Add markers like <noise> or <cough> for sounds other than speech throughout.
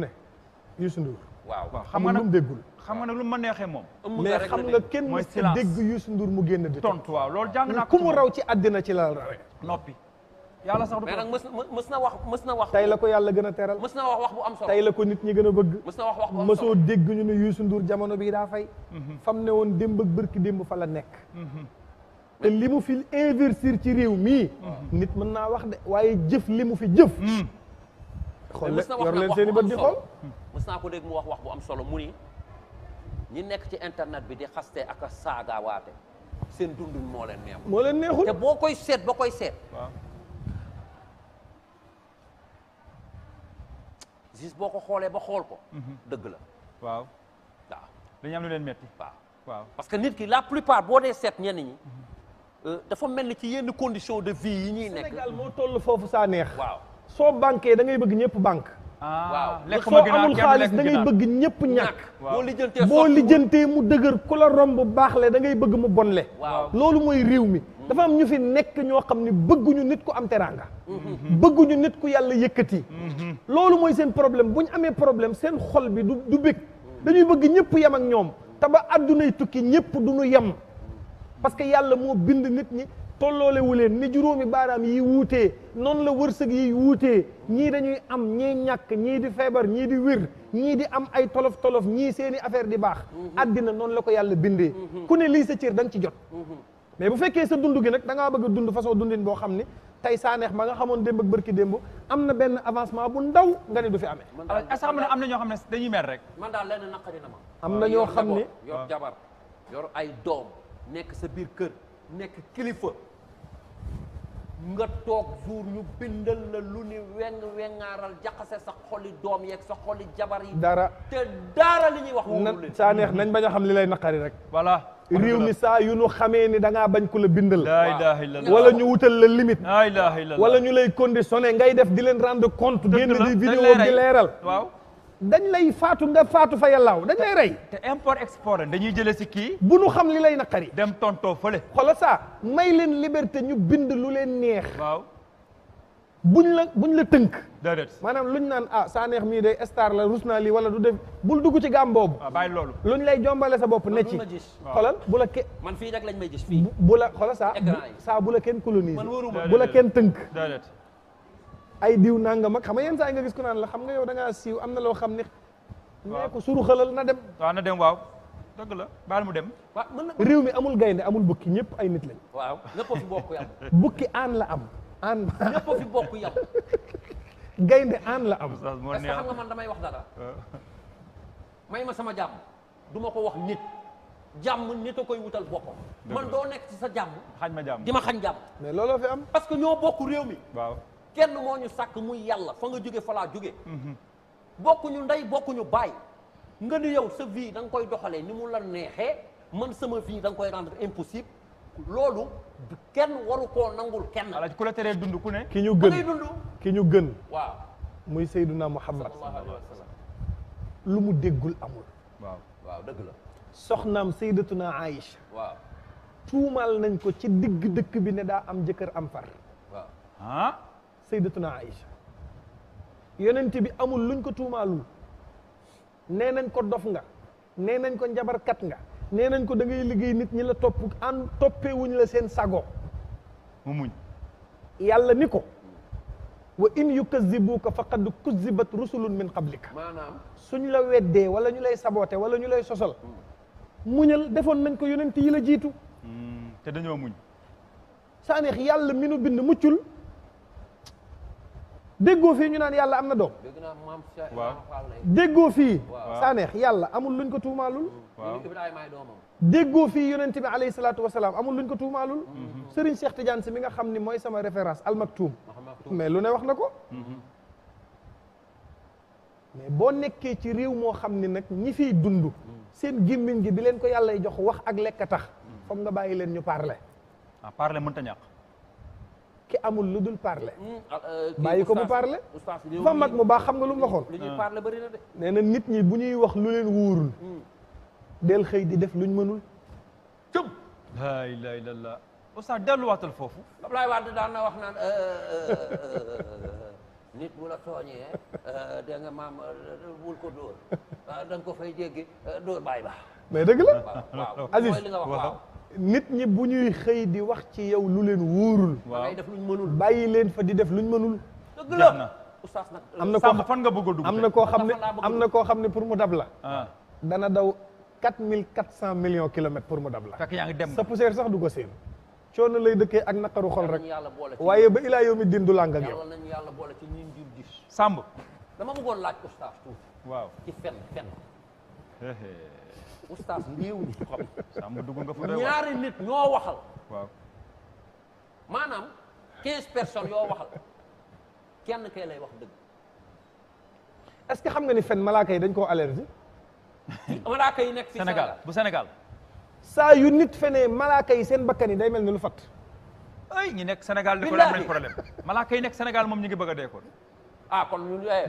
ne Youssou Ndour. waaw xam nga nag déggul xam nga nag lu ma neexee moom. mais xam nga kenn mu si dégg Youssou Ndour mu génn di tontu waaw loolu jàng naa ku mu raw ci àddina ci la rawee. noppi yàlla sax du ko. mais nag mës na wax mës na wax. tey la ko yàlla gën a teral. mës na wax wax bu am solo tey la ko nit ñi gën a bëgg. mës na wax wax bu am solo mësoo dégg ñu ne Youssou Ndour jamono bii daa fay. Mhm. fam ne woon démb ak bërki démb fa la nekk. Mhm. te li mu fi investir ci réew mii. Mhm. nit mën naa wax de waaye jëf li mu fi jëf. xool yor leen seen i bët di xool mës naa ko dégg mu wax wax bu am solo mu ni ñi nekk ci internet bi di xaste ak a saaga waate seen dundul moo leen neexul neexul te boo koy seet boo koy seet gis boo ko xoolee ba xool ko mhm. dëgg la waaw waaw dañu am leen metti waaw waaw parce que nit ki la plupart boo dee seet ñenn ñi mhm. euh, dafa mel ni ci yenn conditions de vie yi ñuy nekk Sénégal moo toll foofu saa neex waaw soo banqué da ngay bëgg ñëpp banque ah. waaw lekk ma soo amul xaalis da ngay bëgg ñëpp ñàkk. boo lijjantee mu dëgër ku la romb baax le da ngay bëgg mu bon le loolu mooy réew mi. Mm-hmm. dafa am ñu fi nekk ñoo xam ne bëgguñu nit ku am teraanga. Mm-hmm. bëgguñu nit ku yàlla yëkkati. Mm-hmm. loolu mooy seen problème bu ñu amee problème seen xol bi du du bëgg. dañuy bëgg ñëpp yem ak ñoom taba àdduna yi tukki ñëpp du ñu yem parce que yàlla moo bind nit ñi. tolloole wu leen ni juróomi baaraam yi wuutee noonu la wërsëg yi wuutee ñii dañuy am ñii ñàkk ñii di feebar ñii di wér ñii di am ay tolof tolof ñii seeni affaire di baax addina mhm. noonu la ko yàlla bindee mhm. ku ne lii sa cër da nga ci jot mhm. mais bu fekkee sa dund gi nag da ngaa bëgg a dund façon dundin boo xam ni tey sa saaneex ma nga xamoon démb ak bërki démb am na benn avancement bu ndaw nga ne du fi amee est-ce que am na am na ñoo xam ne dañuy mer rek man daal lenn na am na ñoo xam ne yor ah. jabar yor ay doom nekk sa biir kër nekk kilifa nga toog jour ñu bindal la lu ni weng wengaaral jaxase sa xoli doom yeeg sa xoli jabar yi. dara te dara li ñuy wax. wóorul saa neex nañ bañ xam li lay naqari rek. voilà réew mi saa yu nu xamee ni da ngaa bañ ku la bindal. la ilaha illallah wala ñu wutal la limite. la wala ñu lay conditionné ngay def di leen rendre compte. dëgg di vidéo di leeral waaw. dañ lay faatu nga faatu fa yàllaaw dañ lay rey. te import export dañuy jëlee si kii. bu nu xam li lay naqari. dem tontoo fële. xoolal saa may leen liberté ñu bind lu leen neex. waaw buñ la buñ la tënk. déedéet maanaam luñ naan ah saa neex mii day star la rus naa lii wala du def bul dugg ci gaam boobu. waaw ah, bàyyi loolu. luñ lay jombale sa bopp ne ci. xoolal bu la ke. fii rek lañ may gis fii. bu la xoolal saa. saa bu la kenn colonise. man wóoruma bu la kenn tënk. ay diw nangam ak xam nga yenn saa yi nga gis ko naan la xam nga yow da ngaa siiw am na loo xam ne. waaw ko suru xalal na dem. waaw na dem waaw. dëgg la baal mu dem. waaw réew mi amul gaynde amul bukki ñëpp ay nit lañ. waaw ñëpp bokk bukki aan la am. <laughs> bokk yam. <laughs> gaynde la am. est xam nga man damay wax dara. Euh. may ma sama jàmm duma ko wax nit. jàmm nit a koy wutal boppam. man doo nekk ci sa jàmm. xañ ma jàmm di ma xañ jàmm. mais looloo fi am. parce que ñoo bokk réew mi. waaw. kenn moo ñu sàkk muy yàlla fa nga jóge fa jóge bokkuñu ndey bokkuñu baay nga yow sa vie da koy doxalee ni mu la neexee man sama vie da nga koy rendre impossible loolu kenn waru koo nangul kenn. voilà ku dund ku ne. ki ñu gën ki ñu gën. waaw muy Seyduna Muhammad. lu mu déggul amul. waaw waaw dëgg la. soxnaam Seydatuna Aïcha. waaw tuumaal nañ ko ci digg dëkk bi ne daa am jëkkër am far. waaw sayyidatuna Aïcha yonent bi amul luñ ko tuumaalul nee nañ ko dof nga nee nañ ko kat nga nee nañ ko dangay liggéey nit ñi la topp an toppee wuñ la seen sago mu muñ yàlla ni ko wa in yukazibuka faqad kuzibat rusulun min qablika maanaam suñ la weddee wala ñu lay saboote wala ñu lay sosal muñal defoon nañ ko yonent yi la jiitu mm, te dañoo muñ saaneex yàlla mi bind muccul déggoo fii ñu naan yàlla am na doom déggoo fii saa neex yàlla amul luñ ko tuumaalul déggoo fii yonente bi alayhi salaatu wasalaam amul luñ ko tuumaalul mhm. Serigne Cheikh Tidiane si mi nga xam ni mooy sama référence almaktuum mais lu ne wax na ko mhm. mais boo nekkee ci réew moo xam ne nag ñi fiy dund mhm. seen gémmiñ gi bi leen ko yàllay jox wax ak lekk tax foog nga bàyyi leen ñu parler ah parler mënta ñàkk ki amul lu dul parler. Hmm, ah, euh, bàyyi ko mu parler. fa mag mu baax xam nga lu ma waxoon. li ñuy parler bari na nee na nit ñi bu ñuy wax lu leen wóorul. Hmm. del xëy di def luñ mënul. tëb. la ilaha illallah. oustaz delluwaatal foofu. Abdoulaye Wade daan na wax naan. Euh, euh, nit nga maam ko dóor ko dëgg la. <laughs> nit ñi bu ñuy xëy di wax ci yow lu leen wóorul. waaw def luñ mënul bàyyi leen fa di def luñ mënul. dëgg la oustaz nag. am na koo fan nga bëgg a am na koo xam ne am na koo xam ne pour mu dab la. Ah. dana daw quatre mille quatre cent millions kilomètres pour mu dab la. fekk yaa ngi dem sa poussière sax du ko seen. coono lay dëkkee ak naqaru xol rek waaye ba ilaa yow mi din du làng ak yow. yàlla nañu yàlla boole ci ñun jur di. dama bëggoon laaj oustaz tuuti. waaw ci fenn fenn. oustaz mbiiw ni sàmm dugg nga fa ñaari ñoo waxal maanaam quinze personnes yoo waxal kenn lay wax dëgg que xam nga ni fen malaaka dañ koo allergie yi nekk fi Sénégal bu senegal saa yu nit fenee malaaka yi seen bakkan yi day mel ni lu fat ay ñi nekk senegal di ko am nañ nekk Sénégal moom ñu ngi bëgg a deekoon ah kon ñun eh,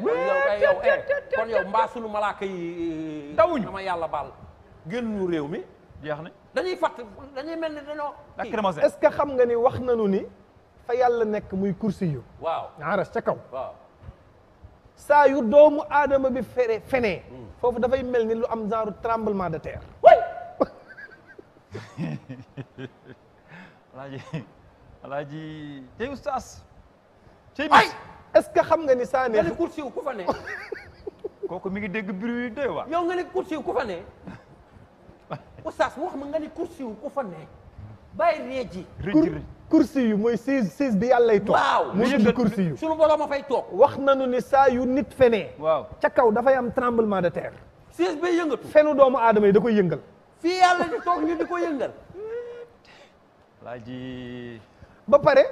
kon yow eh, mbaa sunu malaaka yi eh, yàlla baal génnuñu réew mi jeex na. dañuy fàtt dañuy mel ni dañoo. lacrymogène est-ce que xam nga ni wax nañu ni. fa yàlla nekk muy kursi yu. waaw aras ca kaw. saa yu doomu aadama bi fere fenee. Hmm. foofu dafay mel ni lu am genre tremblement de terre. way <laughs> alaaji ji tey oustaz. tey bis est-ce que xam nga ni saa ne. nga ne kursi yu ku fa ne. <laughs> kooku mu ngi dégg bruit yu doy waar. yow nga ne kursi yu ku fa ne. oustaz wax ma nga ni kursi yu ku fa ne bàyyi ree ji kursi mooy siis siis bi yàllay toog waaw mu yëg kursi yu suñu borom a fay toog wax na nu ni saa yu nit fenee waaw ca kaw dafay am tremblement de terre siis bay yëngatu fenu doomu aadama yi da koy yëngal fii yàlla di toog ñu di ko yëngal laa ba pare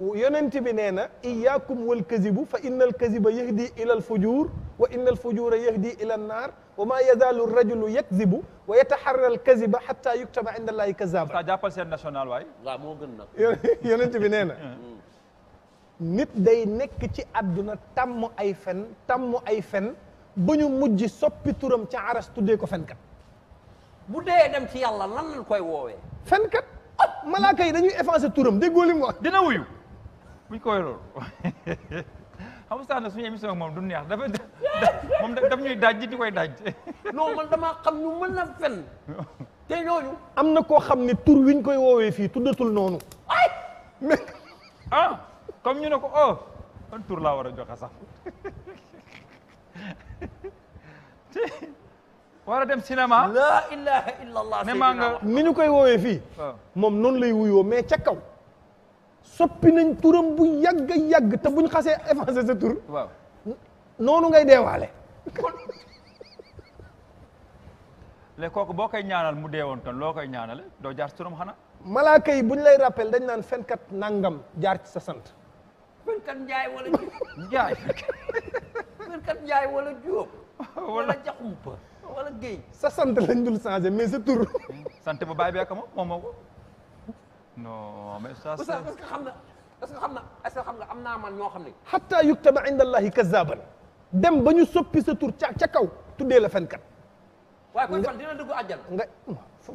yonent bi nee na iyaakum wal kazibu fa inna al kaziba yahdi ila al fujur wa inna al fujura yahdi ila an naar wa maa yazaalu rajulu yakzibu wa yataharra al kaziba xatta yuktaba inda allahi kazaba saa jàppal seen national waay waaw moo gën nag yonent bi nee na <laughs> hmm. nit day nekk ci àdduna tàmm ay fen tàmm ay fen ba ñu mujj soppi turam ca aras tuddee ko fenkat bu dee dem ci yàlla lan lañ koy woowee fenkat ah malaaka yi dañuy effacé turam déggoo li mu wax dina wuyu buñ ko wélool xam nga suñu émission moom du neex dafa <laughs> moom daf ñuy daaj ji di koy daaj. <laughs> non man damaa na fen <laughs> te ñooñu. am na koo xam ne tur wiñ koy woowee fii tuddatul noonu. ay mais ah, ñu ne ko oh war a joxe sax war a dem cinéma. la ilaha illallah. ne maa nga ñu koy woowee fii. Ah. moom noonu lay wuyoo mais ca kaw. soppi nañ turam bu yàgg a yàgg te buñ xasee effacé sa tur. waaw noonu ngay deewaale. léegi kooku boo koy ñaanal mu deewoon kon loo koy ñaanale doo jaar ci turam xana malaaka buñ lay rappel dañ naan fenkat nangam jaar ci sa sant. fenkat njaay wala njaay. njaay wala jóob. wala jaxumpa wala géej. sa sant lañ dul changé mais sa tur. sant ba bàyyi bi ak moom moom moo non mais ça c'est est-ce que xam na est-ce que xam na est-ce que xam nga am naa man ñoo xam ne. hatta yuktaba inda allahi kazzaban dem ba ñu soppi sa tur ca ca kaw tuddee la fenkat. waaye koy fan dina dugg àjjana. nga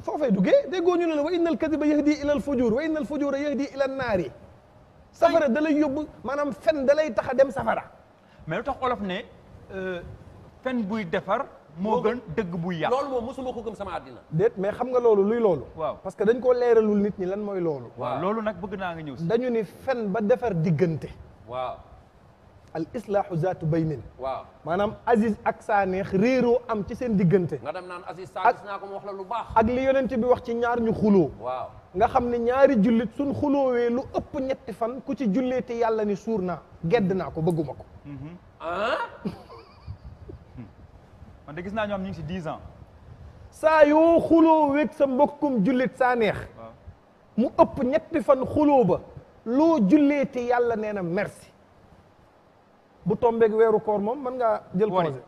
foofay duggee déggoo ñu ne la wa innal kadiba yahdi ila al fujur wa innal fujura yahdi ila an naari. safara da lay yóbbu maanaam fen da lay tax a dem safara. mais lu tax olof ne euh, fen buy defar. moo gën dëgg bu yàq loolu moom mosuma ko gëm sama àddina déet mais xam nga loolu luy loolu waaw parce que dañ koo leeralul nit ñi lan mooy loolu waaw loolu nag bëgg naa nga ñëw dañu ni fen ba defar diggante waaw al islaahu zaatu baynin waaw maanaam Aziz ak neex réeroo am ci seen diggante nga dem naan Aziz Saneex naa ko mu wax la lu baax ak li yonent bi wax ci ñaar ñu xuloo waaw nga xam ne ñaari jullit suñ xuloo xuloowee lu ëpp ñetti fan ku ci julleeti yàlla ni suur naa gedd naa ko bëgguma ko mm-hmm. ah? man gis naa ñoo ñu ngi si diis ans. saa yoo xuloo weeg sa mbokkum jullit saa neex. mu ëpp ñetti fan xuloo ba. loo julleeti yàlla nee na merci. bu tombeeg weeru koor moom mën ngaa jël congé.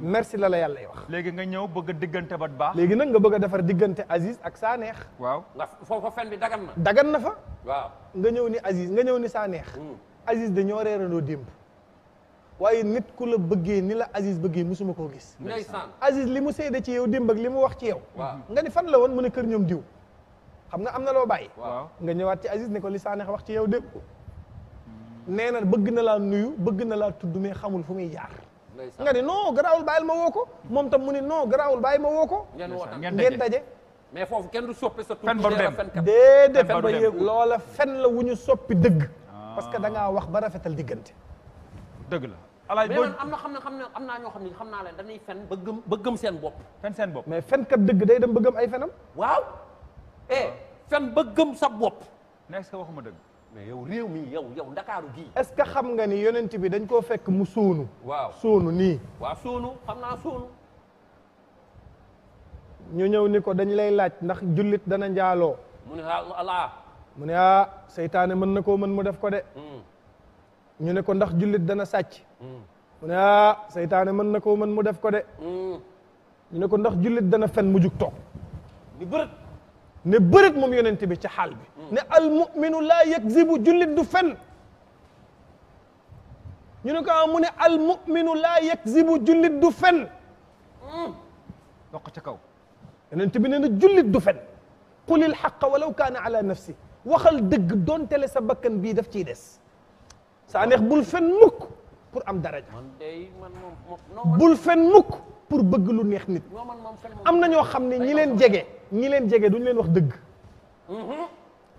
merci la la yàlla wax. léegi nga ñëw bëgg diggante ba baax. léegi nag nga bëgg a defar diggante Aziz ak Saaneex. waaw nga foofa fen bi dagan na. dagan na fa. waaw nga ñëw ni Aziz nga ñëw ni saa Saaneex. Hmm. Aziz dañoo reerandoo démb. waaye nit ku la bëggee ni la Aziz bëggee musuma koo gis. Aziz li mu seede ci yow démb ak li mu wax ci yow. nga ni fan la woon mu ne kër ñoom diw. xam nga am na loo bàyyi. nga ñëwaat ci Aziz ne ko li Sanex wax ci yow dégg ko. nee na bëgg na laa nuyu bëgg na laa tudd mais xamul fu muy jaar. nga ni non garaawul bàyyil ma woo ko. moom tam mu ni non garaawul bàyyi ma woo ko. ngeen daje mais foofu kenn du soppi sa tur. fen ba dem loola fen la wu ñu soppi dëgg. Ah. parce que da wax ba rafetal diggante. dëgg la. alaaj boo mais am na xam ne xam ne am naa ñoo xam ne xam naa leen dañuy fen ba gëm ba gëm seen bopp. fen seen bopp mais fen kat dëgg day dem ba gëm ay fenam. waaw. eh fen ba gëm sa bopp. mais est-ce que dëgg. mais yow réew mi yow yow ndakaaru gii. est-ce que xam nga ni yonent bi dañ koo fekk mu sóonu. waaw sóonu nii. waa soonu xam naa sóonu. ñu ñëw ni ko dañ lay laaj ndax jullit dana njaaloo. mu ne ah mu ne ah seytaane mën na koo mën mu def ko de. Hmm. ñu ne ko ndax jullit dana sàcc hmm. mu ne ah seytaane mën na koo mën mu def ko de hmm. ñu ne ko ndax jullit dana fen mu jug toog ni bërët ne bërët moom yonent bi ci xaal bi hmm. ne al muminu laa jullit du fen ñu ne ko ah mu ne al muminu laa yakzibu jullit du fen doq ca kaw yonent bi ne na du fen qulil xaqa walaw kaana ala nafsi waxal dëgg doon tele sa bakkan bii daf ciy des Sanekh bul fen mukk pour am daraja bul fen mukk pour bëgg lu neex nit am na ñoo xam ne ñi leen jege ñi leen jege duñ leen wax dëgg mm-hmm.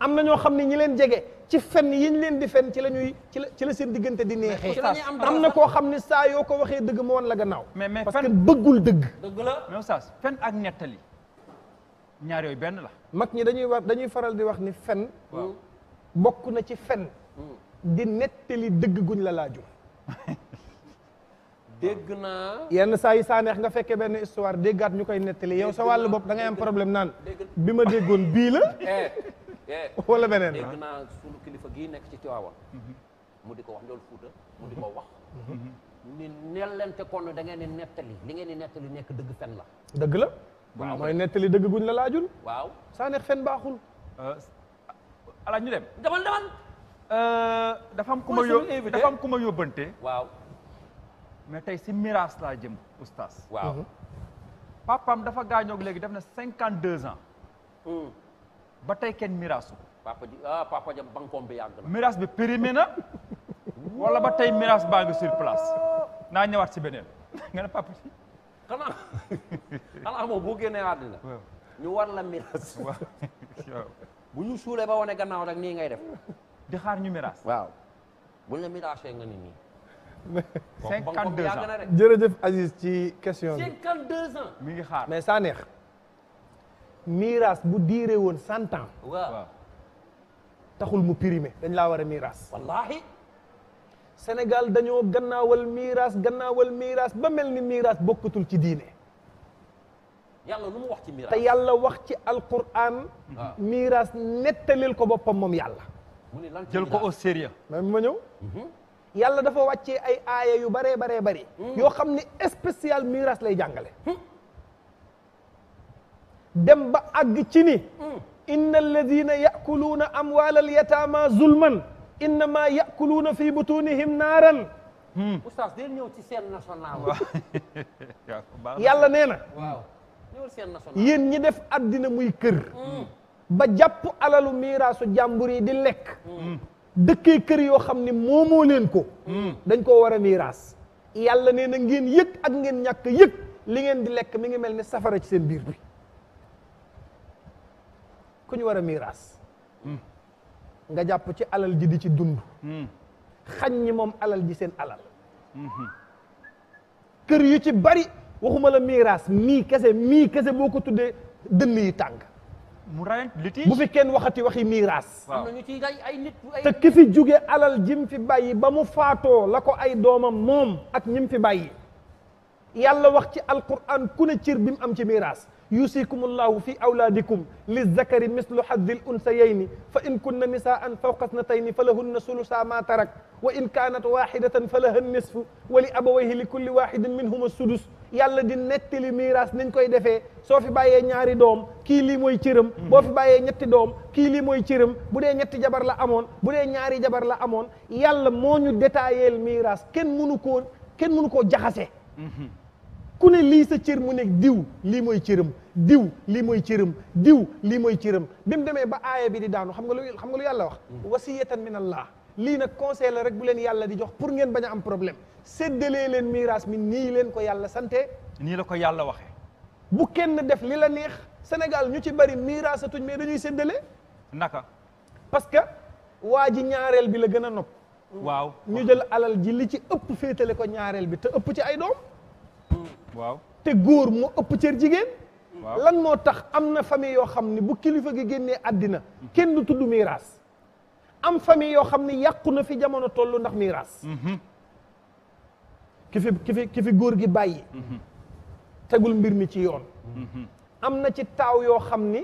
am na ñoo xam ne ñi leen jege ci fenn yi ñu leen di fen ci la ñuy ci la ci seen diggante di neexee am na koo xam ne saa yoo ko waxee dëgg mu wan la gannaaw parce que bëggul dëgg dëgg la mais oustaz ak nettali ñaar yooyu benn la mag ñi dañuy war dañuy faral di wax ni fen bokk na ci fen mm. di nettali dëgg guñ la laajul. <laughs> dégg naa. yenn saa yi saaneex nga fekkee benn histoire déggaat ñu koy nettali yow sa wàllu bopp da am problème naan bi ma déggoon bii la. <laughs> Eh, eh. <laughs> wala beneen dégg naa sunu kilifa gii nekk ci Tiwaawan. Mhm. mu di ko wax njool mu di ko mhm. wax. Mhm. ni nellente da ngeen di nettali li ngeen di nettali nekk dëgg fen la. dëgg la. waaw mooy nettali dëgg guñ la laajul. waaw saa fen baaxul. Euh, ah, alaaj ñu dem demal demal. Euh, dafa am ku ma yób dafa am ku ma yóbbante. waaw. mais tey si miraas laa jëm oustaz. waaw mhm. dafa gaañoo léegi def na cinquante deux ans. Hmm. ba tey kenn miraasu. papa ji ah papa jam bi yàgg na. miraas bi périmé na. walla ba tey miraas baa ngi sur place. naa ñëwaat si beneen. <laughs> nga ne papa ji. boo génnee àddina. ñu war la miraas. <laughs> bu ñu suulee ba wane gannaaw rek nii ngay def. di xaar ñu miraas. waaw nga ni nii. <laughs> jërëjëf Aziz ci question bi. 52 mi ngi xaar mais miraas bu diiree woon 100 taxul mu pirime dañ la war a miraas. wallaahi. Sénégal dañoo gannaawal miraas gannaawal miraas ba mel ni miraas bokkatul ci diine. yàlla wax ci miraas te yàlla wax ci alquran. waaw miraas nettalil ko boppam moom yàlla. jël ko au sérieux mais ma ñëw mhm. yàlla dafa wàccee ay aaya yu baree baree bari mhm. yoo xam ni spécial miraas lay jàngale mhm. dem ba àgg ci ni inna alladina yakuluuna amwaal al yataama zulman innama yakuluuna fi butunihim naaran hmm. oustaz deel ñëw ci seen <laughs> yàlla nee na seen national yéen ñi def addina muy kër hmm. ba jàpp alalu miiraasu jàmbur yi di lekk dëkkee kër yoo xam ne moomoo leen ko dañ koo war a miiraas yàlla nee na ngeen yëg ak ngeen ñàkk yëg li ngeen di lekk mi ngi mel ni safara ci seen biir bi ku ñu war a miiraas nga jàpp ci alal ji di ci dund xañ ñi moom alal ji seen alal kër yu ci bari waxuma la miiraas mii kese mii kese boo ko tuddee dënn yi tànk bu fi kenn waxati waxi miiraas te ki fi jóge alal jim fi bàyyi ba mu faatoo la ko ay doomam moom ak ñim fi bàyyi yàlla wax ci alquran ku ne cir bi mu am ci miiraas yusikumullahu fi awlaadikum lizakari mislu haddil unsayayni fa in kunna nisaan fawqa snatayni fa lahunna sulusa ma tarak wa in kaanat waxidatan fa laha nisfu wa li abawayhi li kulli waxidin minhuma yàlla di nettali miiras niñ koy defee soo fi bàyyee ñaari doom kii lii mooy cëram mm-hmm. boo fi bàyyee ñetti doom kii lii mooy cëram bu dee ñetti jabar la amoon bu dee ñaari jabar la amoon yàlla moo ñu détailleel miiras kenn mënu koo kenn mënu koo jaxase mm-hmm. ku ne lii sa cër mu nekk diw lii mooy cëram diw lii mooy cëram diw lii mooy cëram bi mu demee ba aaya bi di daanu xam nga lu xam nga lu yàlla wax mm-hmm. wasiyatan min allah lii nag conseil la rek bu leen yàlla di jox pour ngeen bañ a am problème séddalee leen miiras mi nii leen ko yàlla sante nii la ko yàlla waxe bu kenn def li la neex Sénégal ñu ci bari miirasatuñ mais dañuy séddale naka parce que waa ji ñaareel bi la gën a nopp waaw ñu jël alal ji li ci ëpp féetale ko ñaareel bi te ëpp ci ay doom waaw te góor moo ëpp cër jigéen lan moo tax am na famille yoo xam ne bu kilifa gi génnee àddina kenn tudd miiras am famille yoo xam ne yàqu na fi jamono tollu ndax miiras mhm. ki fi ki fi góor gi bàyyi mhm. tegul mbir mi ci yoon mhm. am na ci taaw yoo xam ni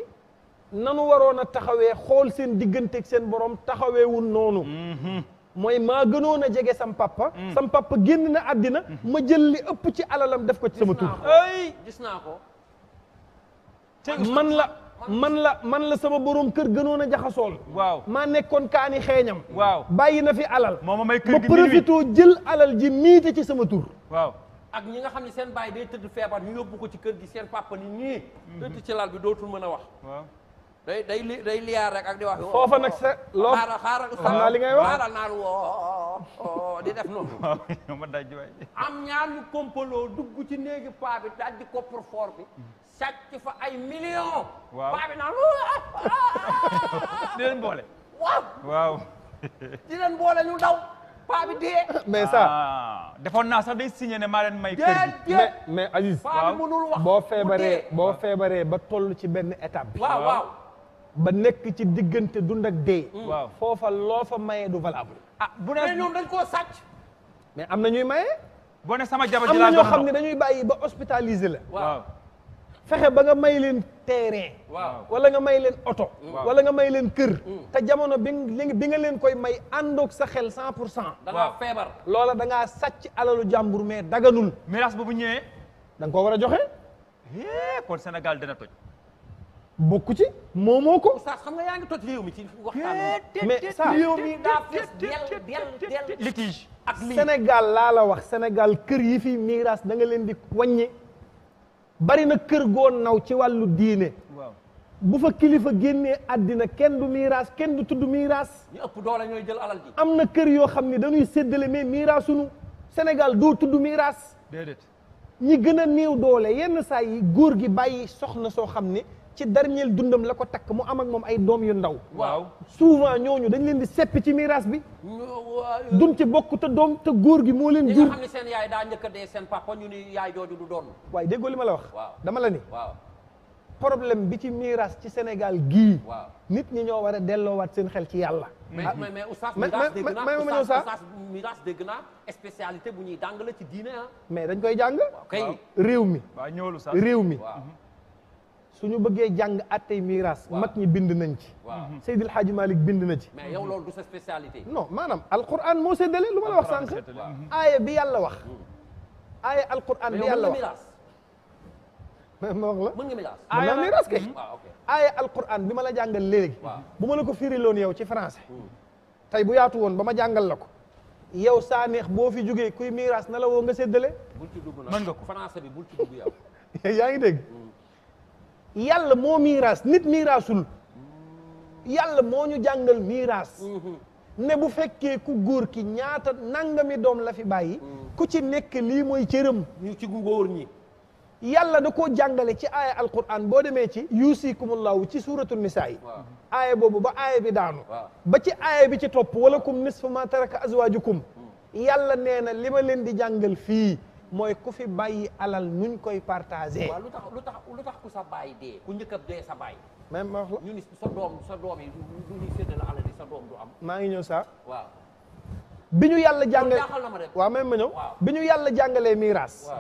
nanu waroon a taxawee xool seen digganteek seen borom taxaweewul noonu mhm. mooy maa gënoon a jege sam papa mm. sam génn na àddina ma jël li ëpp ci alalam def ko ci sama tur ay gis naa ko man la man la man la sama borom kër gënoon a jaxasool waaw maa nekkoon kaani xeeñam waaw bàyyi na fi alal moo ma may kër gi ma profitoo jël alal ji miite ci sama tur waaw ak ñi nga xam ne seen bàyyi day tëdd feebar ñu yóbbu ko ci kër gi seen papa ni nii mhm. tëdd ci lal bi dootul mën a wax day day day liyaar rek ak di wax foofa nag sa oh, loo xaaral xaaral xam naa li ngay wax xaaral naan woo oh, oh, di def noonu <laughs> ma daj am ñaar ñu kompaloo dugg ci néegi paa bi daj di coffre foor bi sàcc fa ay millions. waaw paa ah, ah, ah, di leen boole. waaw waaw. di leen boole ñu daw. paa bi dee. mais ça. defoon naa sax day signé ne maa leen may. kër mais mais Aziz. paa boo feebaree boo feebaree ba toll ci benn étape bi. ba nekk ci diggante dund ak dee. Mm. waaw foofa loo fa mayee du valable. ah bu ne mais dañ koo sàcc. mais am na ñuy maye. boo ne sama jabar ji laa am na ñoo xam dañuy bàyyi ba hospitalisé la. waaw. fexe ba nga may leen terrain. wala nga may leen oto. wala nga may leen kër. te jamono bi bi nga leen koy may àndoog sa xel cent pour cent. da feebar. loola da ngaa sàcc alalu jàmbur mais daganul. miraas boobu ñëwee. da ko war a joxe. kon Sénégal dana toj. bokku ci moomoo ko. saa xam nga yaa ngi toj ci waxtaan mais saa réew mi daa fees del del del litige. ak lii Sénégal laa la wax Sénégal kër yi fi miraas da nga leen di wàññi. bari na kër goon naw ci wàllu diine bu fa kilifa génnee àddina kenn du miiraas kenn du tudd miiraas ñu ëpp doole ñooy jël alal ji am na kër yoo xam ne dañuy séddale mais miiraasunu Sénégal doo tudd miiraas déedéet ñi gën a néew doole yenn saa góor gi bàyyi soxna soo xam ni ci dernier dundam la ko takk mu am ak moom ay doom yu ndaw. waaw souvent ñooñu dañ leen di seppi ci miiras bi. duñ ci bokk te doom te góor gi moo leen. jur nga seen yaay daa njëkk a dee seen papa ñu ni yaay jooju du doon. waaye déggoo li ma la wax. dama la ni. waaw problème bi ci miiras ci Sénégal gii. nit ñi ñoo war a delloowaat seen xel ci yàlla. mais ah. mais mais oustaz miiras dégg naa oustaz miiras dégg naa spécialité bu ñuy jàng la ci diine ah. mais dañ koy jàng. waaw kay réew mi. waaw ñëwul réew mi. suñu bëggee jàng attey miiras mat ñi bind nañ ci mm-hmm. Seydil Hadji Malick bind na ci mais yow loolu du sa spécialité non maanaam alquran moo séddale lu ma la wax sànq aaya bi yàlla wax aaya alquran bi yàlla wax mais ma la mën nga miiras mën naa miiras mm-hmm. ah, bi ma la jàngal léegi bu ma la ko firiloon yow ci français mm. tey bu yaatu woon ba ma jàngal la ko yow saa neex boo fi jógee kuy miiras na la woo nga séddale mën nga ko français bi bul ci dugg yow <laughs> dégg mm. yàlla moo miiraas nit miiraasul yàlla moo ñu jàngal miiraas mm-hmm. ne bu fekkee ku góor ki ñaata nangami doom la fi bàyyi mm-hmm. ku ci nekk lii mooy cëram ñu ci góor ñi yàlla da koo jàngale ci aaya alquran boo demee ci yuusikumullahu ci suuratul nisaa yi aaya boobu ba aaya bi daanu ba ci aaya bi ci topp walakum nisfu ma taraka azwaajukum mm. yàlla nee na li leen di jàngal fii mooy ku fi bàyyi alal nuñ koy partagé. waaw tax lu tax lu tax ku sa bàyyi dee ku njëkk a dee sa bàyyi. même wax la sa doom sa doom yi sa doom am. maa ngi ñëw saa waaw. bi ñu yàlla jàngalee waa même ma ñëw. bi ñu yàlla jàngalee miiras.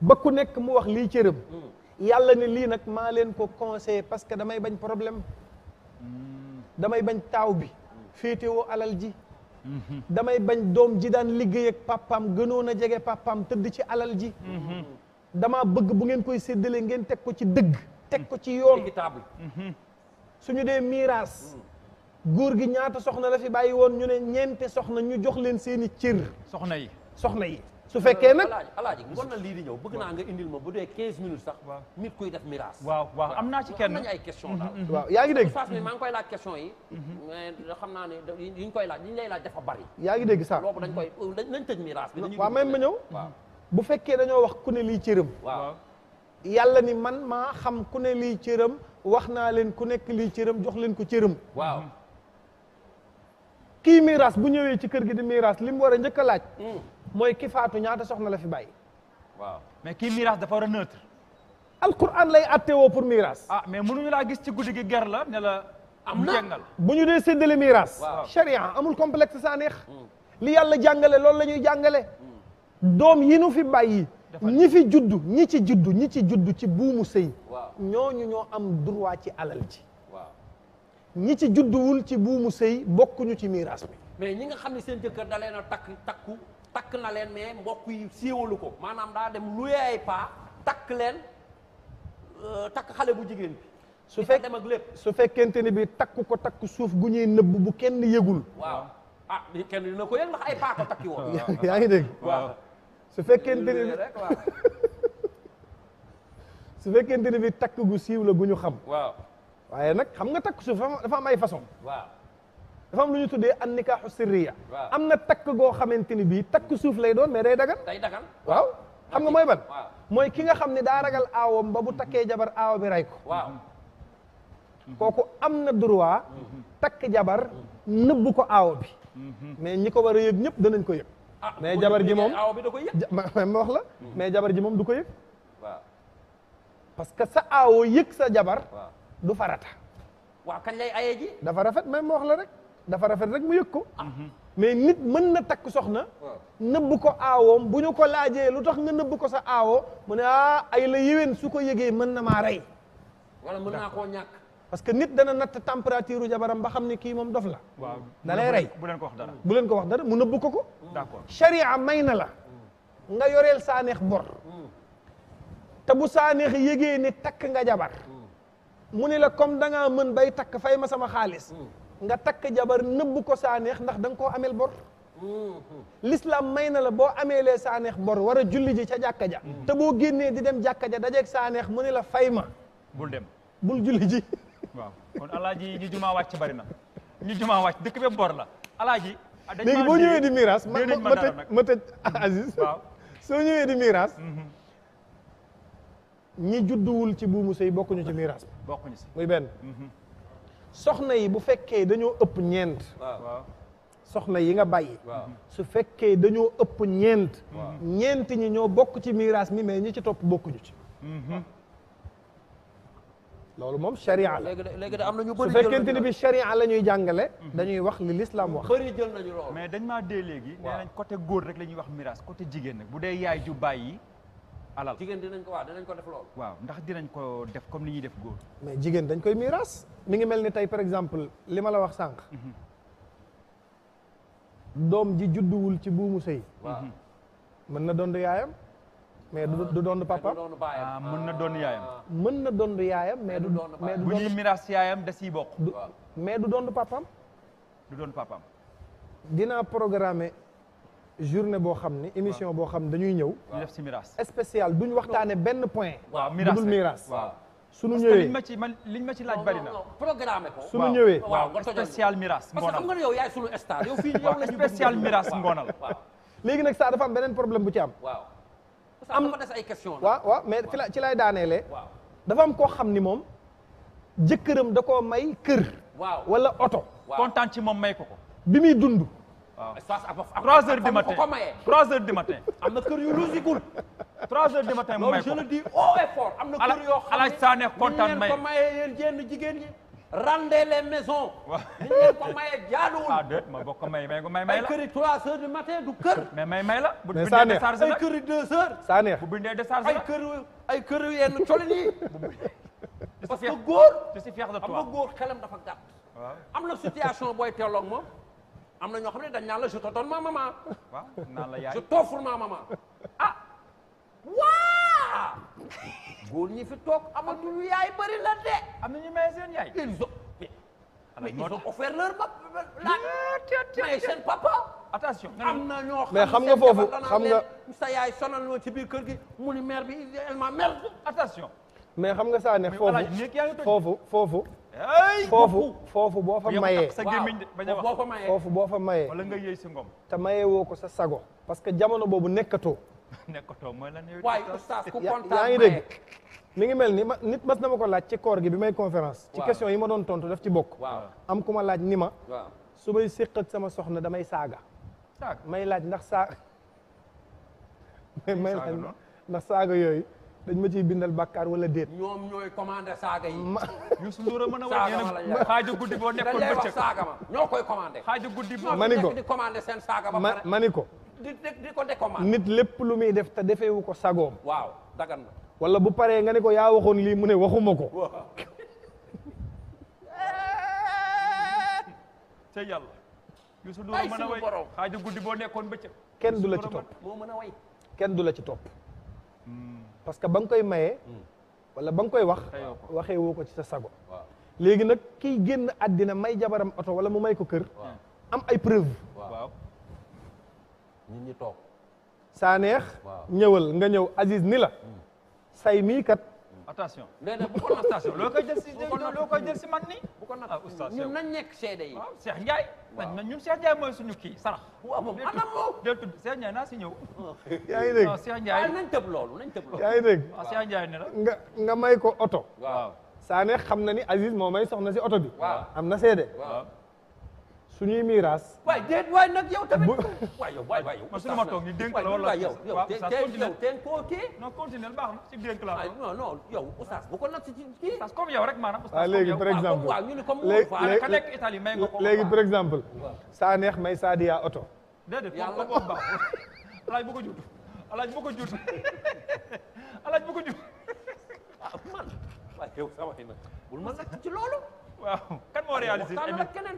ba ku nekk mu wax lii cëram. Hmm. yàlla ne lii nag maa leen ko conseillé parce que damay bañ problème. Hmm. damay bañ taaw bi. Hmm. féetewoo alal ji. damay bañ doom ji daan liggéey ak pàppam gënoon a jege papaam tëdd ci alal ji dama bëgg bu ngeen koy séddale ngeen teg ko ci dëgg teg ko ci yoon suñu dee miiraas góor gi ñaata soxna la fi bàyyi woon ñu ne ñeente soxna ñu jox leen seeni cër soxna yi soxna yi su fekkee nag alaaji ngoon na lii di ñëw bëgg naa nga indil ma bu dee 15 minutes sax nit kuy def mirage waaw waaw am naa ci kenn nañ ay question daal mm-hmm, mm-hmm. waaw yaa ngi dégg saas mi maa ngi koy laaj mm-hmm. xam naa ne yi ñu koy laaj yi ñu lay laaj dafa bari yaa ngi dégg sax loolu dañ koy nañ euh, tëj mirage bi waaw même ma ñëw bu fekkee dañoo wax ku ne lii cëram waaw yàlla ni man maa xam ku ne lii cëram wax naa leen ku nekk lii cëram jox leen ko cëram waaw kii mirage bu ñëwee ci kër gi di mirage li mu war a njëkk a laaj mm. mooy ki faatu ñaata soxna la fi bàyyi. waaw mais kii miraas dafa war a neutre. alquran lay attewoo pour miraas. ah mais mënuñu laa gis ci guddi gi ger la ne la. am na bu ñu dee séddale miraas. waaw sharia amul complexe saa neex. Hmm. li yàlla jàngale loolu la ñuy jàngale. Hmm. doom yi nu fi bàyyi. ñi fi juddu ñi ci juddu ñi ci juddu ci buumu sëy. ñu ñoo am droit ci alal ci ñi ci judduwul ci buumu sëy bokkuñu ci miraas bi. mais ñi nga xam ne seen jëkkër da leen a takk takku. takk na leen mais mbokk yi siiwalu ko maanaam daa dem luyee ay paa takk leen euh, takk xale bu jigéen bi. su fekkee dem ak lépp su fekkente ni bi takk ko takk suuf gu ñuy nëbb bu kenn yëgul. waaw ah kenn dina ko yëg ay takki woon. <laughs> yaa ngi dégg waaw. su fekkente ni <laughs> su fekkente ni bi takk gu siiw la gu ñu xam. waaw waaye nag xam nga takk suuf dafa am ay façon. dafa lu ñu tuddee an nikaaxu sirriya am na takk goo xamante ni bii takk suuf lay doon mais day dagan day dagan waaw xam nga mooy ban mooy ki nga xam ne daa ragal aawam ba bu takkee jabar aawa bi ray ko waaw kooku am na droit takk jabar nëbbu ko aawo bi mais ñi ko war yëg ñëpp danañ ko yëg ah, mais jabar ji moom aawa bi da ko yëg ma wax la hmm. mais jabar ji moom du ko yëg waaw parce que sa aawo yëg sa jabar du farata waaw kañ lay aye ji dafa rafet même ma wax la rek dafa rafet rek mu yëg ko mhm. mais nit mën na takk soxna nëbb ko aawoom bu ñu ko laajee lu tax nga nëbb ko sa aawoo mu ne ah ay la yéwén su ko yëgee mën na maa rey wala mën naa koo ñàkk parce que nit dana natt température u jabaram ba xam ne kii moom dof la da lay rey bu leen ko wax dara bu leen ko wax dara mu nëbb ko ko mm. d'accord sharia may na la nga yoreel saaneex bor mm. te bu saaneex yégee ne takk nga jabar mm. mu ne la comme da ngaa mën bay takk fay ma sama xaalis nga takk jabar nëbb ko saaneex ndax danga koo ameel bor mm-hmm. l'islam may na la boo ameelee saaneex bor war a julli ji ca jàkka ja mm-hmm. te boo génnee di dem jàkka ja dajeeg saaneex mu ne la fay ma bul dem bul julli ji waaw kon alaaji ñu jumaa bari na ñu jumaa wàcc dëkk be la alaaji ah, léegi boo ñëwee di miraas ma tëj ma tëj <laughs> Aziz soo ñëwee di miraas mm-hmm. ñi judduwul ci buumu sëy bokkuñu ci miraas bokkuñu si muy benn soxna yi bu fekkee dañoo ëpp ñeent. soxna yi nga bàyyi. su fekkee dañoo ëpp ñeent. ñeent ñi ñoo bokk ci miraas mi mais ñi ci topp bokkuñu ci. Mm-hmm. loolu moom charia la léegi am na ñu bëri su fekkente bi charia la ñuy jàngale. Mm-hmm. dañuy wax li l'islam wax. bëri jël nañu loolu mais dañ maa dee léegi. nee nañ côté góor la ñuy wax miraas côté jigéen bu dee yaay ju bàyyi. alal jigéen dinañ ko waaw dinañ ko def loolu. waaw ndax dinañ ko def comme ni ñuy def góor. mais jigéen dañ koy miiras mi ngi mel ni tey par exemple li ma la wax sànq. Mhm. doom ji judduwul ci buumu sëy. Mhm. mën na dond yaayam. mais du dond papa ah, mën na dond yaayam. Ah. mën na dond yaayam mais du. mais du bu ñuy miiras yaayam da siy bokk. mais du dond papam. du dond papam. dinaa programmer. journée boo xam ni émission boo xam dañuy ñëw. def si miraas spécial duñ waxtaane benn point. waaw miraas dugul miraas. sunu suñu ñëwee ma ci man liñ ma ci laaj bari na. programme ko suñu ñëwee. waaw spécial miraas ngonal parce que xam nga yow yaay sunu star yow léegi nag ça dafa am beneen problème bu ci am. waaw am dafa des ay questions. waaw waaw mais ci ci lay daaneelee. waaw dafa am koo xam ni moom. jëkkëram da koo may kër. waaw wala oto. kontaan ci moom may ko ko. bi muy dund. espace ak trois heures du matin am na kër yu lusigul trois heures du matin mu may ko je le dis haut et fort am na kër yoo xam ne alaaj Saane kontaan may ko maye yéen jénn jigéen ñi ah, ma bokk may matin du kër mais may may la bu bindee décharge la ay këri deux heures saa bu bindee décharge la ay këri ay këri yenn colin yi <laughs> parce que góor je de toi am na góor xelam dafa gàtt am na situation booy teeloog moom am na ñoo xam ne dañ naan la je tonton ma maman. waaw ma maman ah. waa góor ñi fi toog amatul yaay bëri la de. am ñu may seen yaay. ils ont mais ils ont offert euh, euh, am na ñoo xam nga foofu xam nga sa yaay sonal na ci biir kër gi mu ni mère bi elle m'a merde attention. mais xam nga saa foofu foofu. foofu foofu boo fa mayee foofu boo fa mayee wala nga yëy si ngom te mayee woo ko sa sago parce que jamono boobu nekkatoo <laughs> nekkatoo mooy lan waay oustaz ku yaa ngi dégg mi ngi mel ni ma nit mas na ma ko laaj ci koor gi bi may conférence ci question yi ma doon tontu daf ci bokk am ku ma laaj ni ma su may séq sama soxna damay saaga may laaj ndax saa may laaj ndax saaga yooyu dañ ma ciy bindal bàkkaar wala déet. ñoom ñooy commandé saaga yi. Youssou Ndour a mën a wax ñu ne xaaju guddi boo nekkoon bëccëg saaga ñoo koy commandé. xaaju guddi boo ma ni ko di commandé seen saaga ba pare ma ni ko. di di ko décommandé. nit lépp lu muy def te defeewu ko sagoom. waaw dagan wala bu paree nga ne ko yaa waxoon lii mu ne waxuma ko. te <laughs> yàlla. Youssou Ndour a mën a way xaaju guddi boo nekkoon bëccëg. kenn du la ci topp. moo mën a way. kenn du la ci topp. parce que ba nga koy maye. wala ba nga koy wax. waxee woo ko ci sa sago. léegi nag kiy génn addina may jabaram oto wala mu may ko kër. am ay preuve. waaw nit toog. saa neex. ñëwal nga ñëw Aziz ni la. Hmm. say mii kat. attention nee na bu jël si loo ni bu ko nat ah, ñun nañ nekk seede yi waaw Cheikh Ndiaye na ñun Cheikh Ndiaye mooy suñu kii sarax waaw moom ana moom naa si ñëw <laughs> yaa ngi dégg Cheikh ah, loolu nañ tëb loolu yaa ah, nga may ko oto waaw Sané xam na ni Aziz moo may soxna si oto bi am na seede suñuy miiras. waay déet waay nag yow tamit. waay yow waay waay yow. parce que la wala yow teen koo kii. non yow oustaz bu ko nag si kii. parce que comme yow rek maanaam. ah léegi par exemple waaw ñu ni comme waaw ka nekk Italie may saa neex may Sadia oto. déedéet yàlla e ko baax alaaj bu ko jut alaaj bu ko jut alaaj bu ko jut ah man waaye yow sama ma lakk ci loolu. waaw kan moo réaliser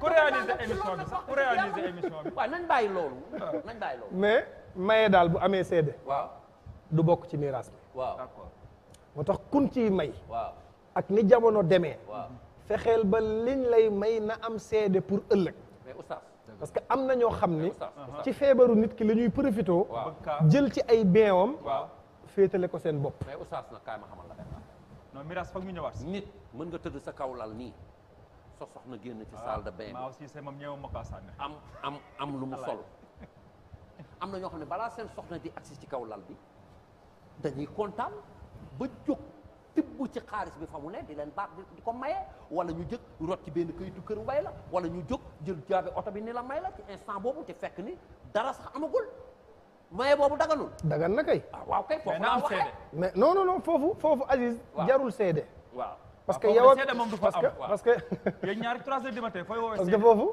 ku réaliser émission bi sax ku réaliser bi. waaw nañ bàyyi loolu. Ah. nañ bàyyi loolu. mais maye daal bu amee seede. waaw du bokk ci miraas bi. waaw d'accord moo tax kun ci may. waaw ak ni jamono demee. waaw fexeel ba liñ lay may na am seede pour ëllëg. mais parce que am na ñoo xam ni ci feebaru nit ki la ñuy profité. jël ci ay beewam. waaw féetale ko seen bopp. mais oustaz nag kaay ma xamal la. non nit mën nga tëdd sa kaw lal nii. sa soxna génn ci ah, saal de bain am am am lu mu sol am na ñoo xam ne balaa seen soxna di agsi ci kaw lal bi dañuy kontaan ba jóg tibb ci xaalis bi fa mu ne di leen baax di ko maye wala ñu jóg rot ci benn këyitu kër way la wala ñu jóg jël jaabe oto bi ni la may la ci instant boobu te fekk ni dara sax amagul maye boobu daganul dagan na kay ah, waaw kay foofu naa waxee mais non non non foofu foofu Aziz jarul seede waaw parce ah, que yow ak moom du fa am parce que ñaari trois heures du matin fooy woowee parce que foofu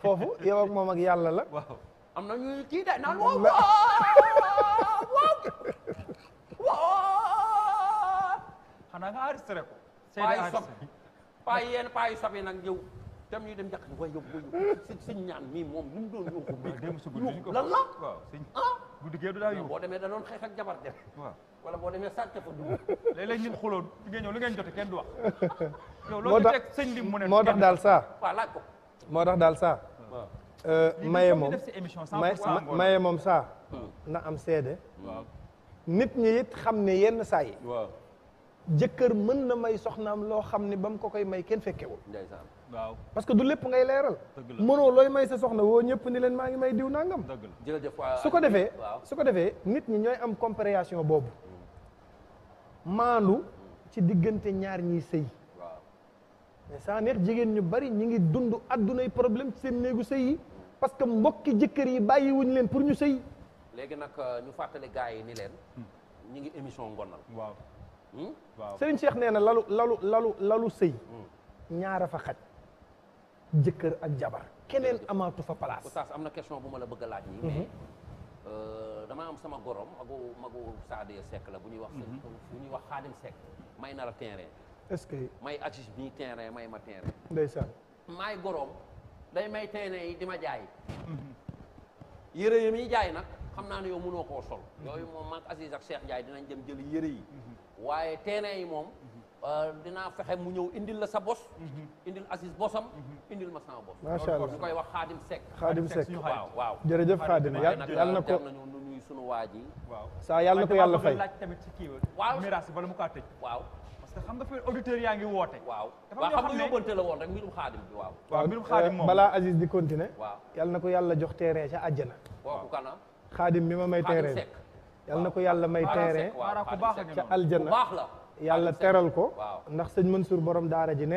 foofu moom ak yàlla la waaw am na ñuy kii de naan waaw waaw waaw xanaa nga enregistré ko paa yi sob paa yi yéen paa sob yi nag ñëw dem ñuy dem njàkk ni way yóbbu ko yóbbu ñaan mii moom ni doon yóbbu bi la ah? duggee du daa boo demee da doon xeex ak jabar dem demee sàcc fa dugg léeg-léeg ñun xuloo li ngeen jote kenn du wax <laughs> yow loolu teg sëñ bi mu ne moo tax daal saa waaw ko moo tax daal saa euh, maye moom maye moom saa na am seede nit ñi it xam ne yenn saa yi jëkkër mën na may soxnaam loo xam ne ba mu ko koy may kenn fekkewul ndeysaan waaw parce que du lépp ngay leeral mënoo looy may sa soxna woo ñëpp ni leen maa ngi may diw nangam su ko defee su ko defee nit ñi ñooy am compréhension boobu maandu ci diggante ñaar ñiy sëy saa neex jigéen ñu bari ñu ngi dund addunay problème ci seen néegu sëy yi parce que mbokki jëkkër yi bàyyi wuñ leen pour ñu sëy léegi nag euh, ñu fàttali gars yi ni leen hmm. ñi ngi émission ngonal waaw hmm? Serigne Cheikh nee na lalu lalu lalu lalu sëy hmm. ñaara fa xaj jëkkër ak jabar keneen amaatu fa place. oustaz am na question bu ma la bëgg a laaj nii. mais mhm. euh, damaa am sama gorom magu magu Sadio Seck la bu ñuy wax. Mhm. bu ñuy wax Xaadim Seck may na la terrain. est-ce que. may agis bi terrain may ma terrain. ndeysaan. maay gorom day may tere yi di ma jaay. Mhm. yére yi jaay nag xam naa ne yow mënoo koo sol. yooyu moom mag Aziz ak Cheikh Ndiaye dinañ jël yëre yi. waaye terrain yi moom. dinaa fexe mu ñëw indil la sa bos. indil Aziz bosam. indil ma sama bos. macha allah ñu koy wax Xaadim Seck. Xaadim Seck waaw waaw. jërëjëf Xaadim na ko nuyu sunu waa ji. waaw saa yàlla yàlla fay laaj tamit kii waaw bala mu kaa tëj. waaw parce xam nga fi yaa ngi woote. waaw waaw xam nga woon rek mbirum Xaadim bi waaw. waaw mbirum Xaadim moom balaa Aziz di continuer. waaw yàlla na ko yàlla jox terrain ca àjjana. waaw kana Xaadim mi ma may terrain. yàlla na ko yàlla may terrain ca aljana yàlla teral ko ndax sëñ Mansour borom daara ji